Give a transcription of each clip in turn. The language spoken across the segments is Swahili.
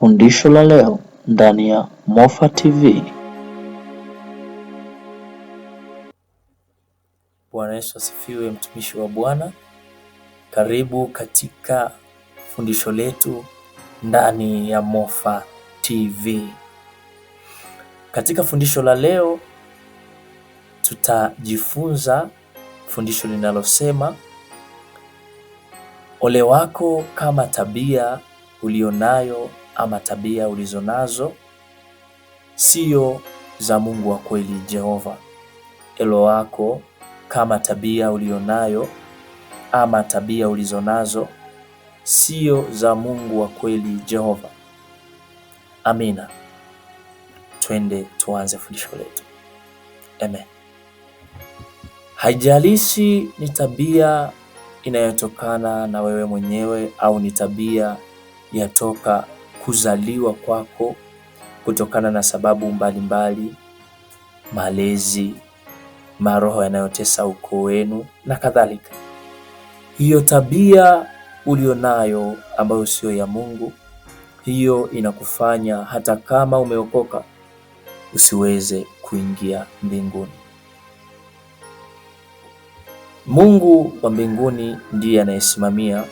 Fundisho la leo ndani ya Mofa TV. Bwana Yesu asifiwe, mtumishi wa Bwana. Karibu katika fundisho letu ndani ya Mofa TV. Katika fundisho la leo tutajifunza fundisho linalosema ole wako kama tabia ulionayo ama tabia ulizonazo sio za Mungu wa kweli Jehova. Elo wako kama tabia ulionayo ama tabia ulizonazo sio za Mungu wa kweli Jehova. Amina. Twende tuanze fundisho letu. Amen. Haijalishi ni tabia inayotokana na wewe mwenyewe au ni tabia yatoka kuzaliwa kwako kutokana na sababu mbalimbali mbali, malezi, maroho yanayotesa ukoo wenu na kadhalika. Hiyo tabia ulionayo ambayo sio ya Mungu, hiyo inakufanya hata kama umeokoka usiweze kuingia mbinguni. Mungu wa mbinguni ndiye anayesimamia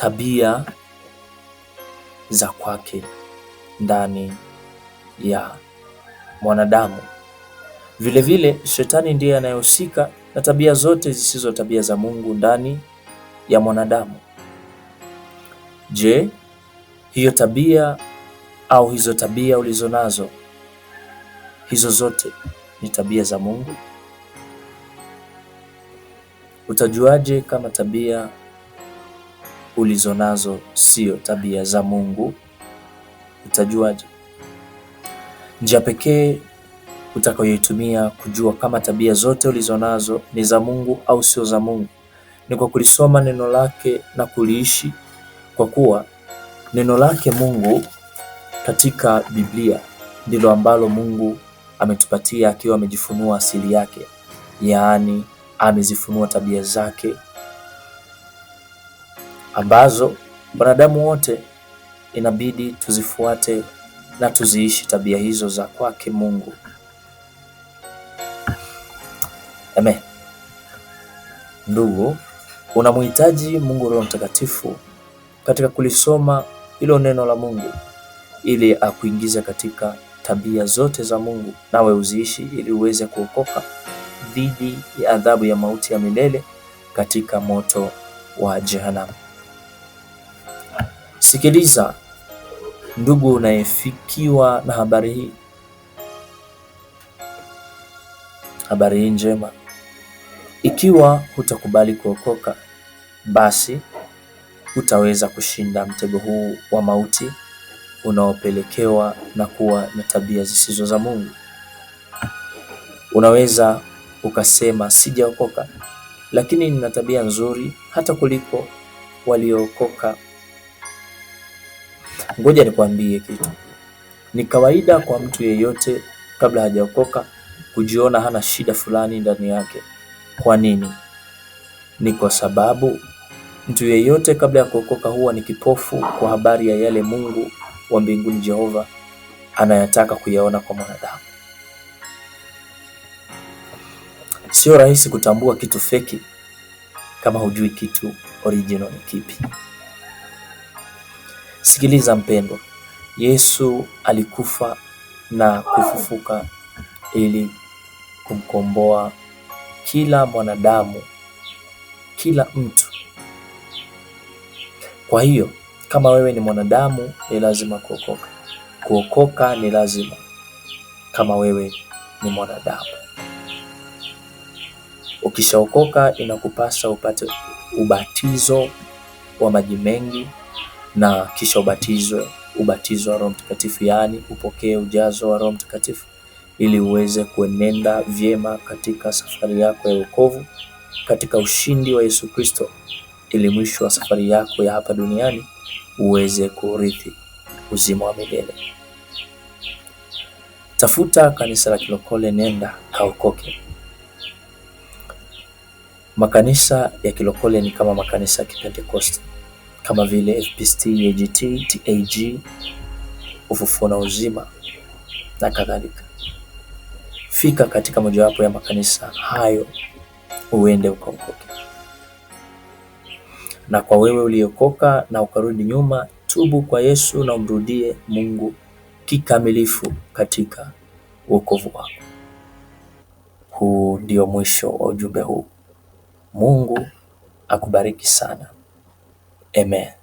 tabia za kwake ndani ya mwanadamu. Vilevile vile, shetani ndiye anayehusika na tabia zote zisizo tabia za Mungu ndani ya mwanadamu. Je, hiyo tabia au hizo tabia ulizo nazo hizo zote ni tabia za Mungu? Utajuaje kama tabia ulizonazo sio tabia za Mungu, utajuaje? Njia pekee utakayoitumia kujua kama tabia zote ulizonazo ni za Mungu au sio za Mungu ni kwa kulisoma neno lake na kuliishi, kwa kuwa neno lake Mungu katika Biblia ndilo ambalo Mungu ametupatia akiwa amejifunua asili yake, yaani amezifunua tabia zake ambazo wanadamu wote inabidi tuzifuate na tuziishi tabia hizo za kwake Mungu. Amen. Ndugu, unamhitaji Mungu Roho Mtakatifu katika kulisoma hilo neno la Mungu ili akuingize katika tabia zote za Mungu nawe uziishi ili uweze kuokoka dhidi ya adhabu ya mauti ya milele katika moto wa jehanamu. Sikiliza ndugu unayefikiwa na habari hii, habari hii njema. Ikiwa hutakubali kuokoka, basi hutaweza kushinda mtego huu wa mauti unaopelekewa na kuwa na tabia zisizo za Mungu. Unaweza ukasema sijaokoka, lakini nina tabia nzuri hata kuliko waliookoka Ngoja nikwambie kitu. Ni kawaida kwa mtu yeyote kabla hajaokoka kujiona hana shida fulani ndani yake. Kwa nini? Ni kwa sababu mtu yeyote kabla ya kuokoka huwa ni kipofu kwa habari ya yale Mungu wa mbinguni Jehova anayataka kuyaona kwa mwanadamu. Sio rahisi kutambua kitu feki kama hujui kitu original ni kipi. Sikiliza mpendwa, Yesu alikufa na kufufuka ili kumkomboa kila mwanadamu, kila mtu. Kwa hiyo kama wewe ni mwanadamu, ni lazima kuokoka. Kuokoka ni lazima kama wewe ni mwanadamu. Ukishaokoka, inakupasa upate ubatizo wa maji mengi na kisha ubatizwe ubatizo wa Roho Mtakatifu, yaani upokee ujazo wa Roho Mtakatifu ili uweze kuenenda vyema katika safari yako ya wokovu katika ushindi wa Yesu Kristo, ili mwisho wa safari yako ya hapa duniani uweze kuurithi uzima wa milele. Tafuta kanisa la Kilokole, nenda kaokoke. Makanisa ya Kilokole ni kama makanisa ya Kipentekoste kama vile FPST, AGT, TAG, ufufuo na uzima na kadhalika. Fika katika mojawapo ya makanisa hayo uende ukaokoke. Na kwa wewe uliokoka na ukarudi nyuma, tubu kwa Yesu na umrudie Mungu kikamilifu katika wokovu wako. Huu ndio mwisho wa ujumbe huu. Mungu akubariki sana. Amen.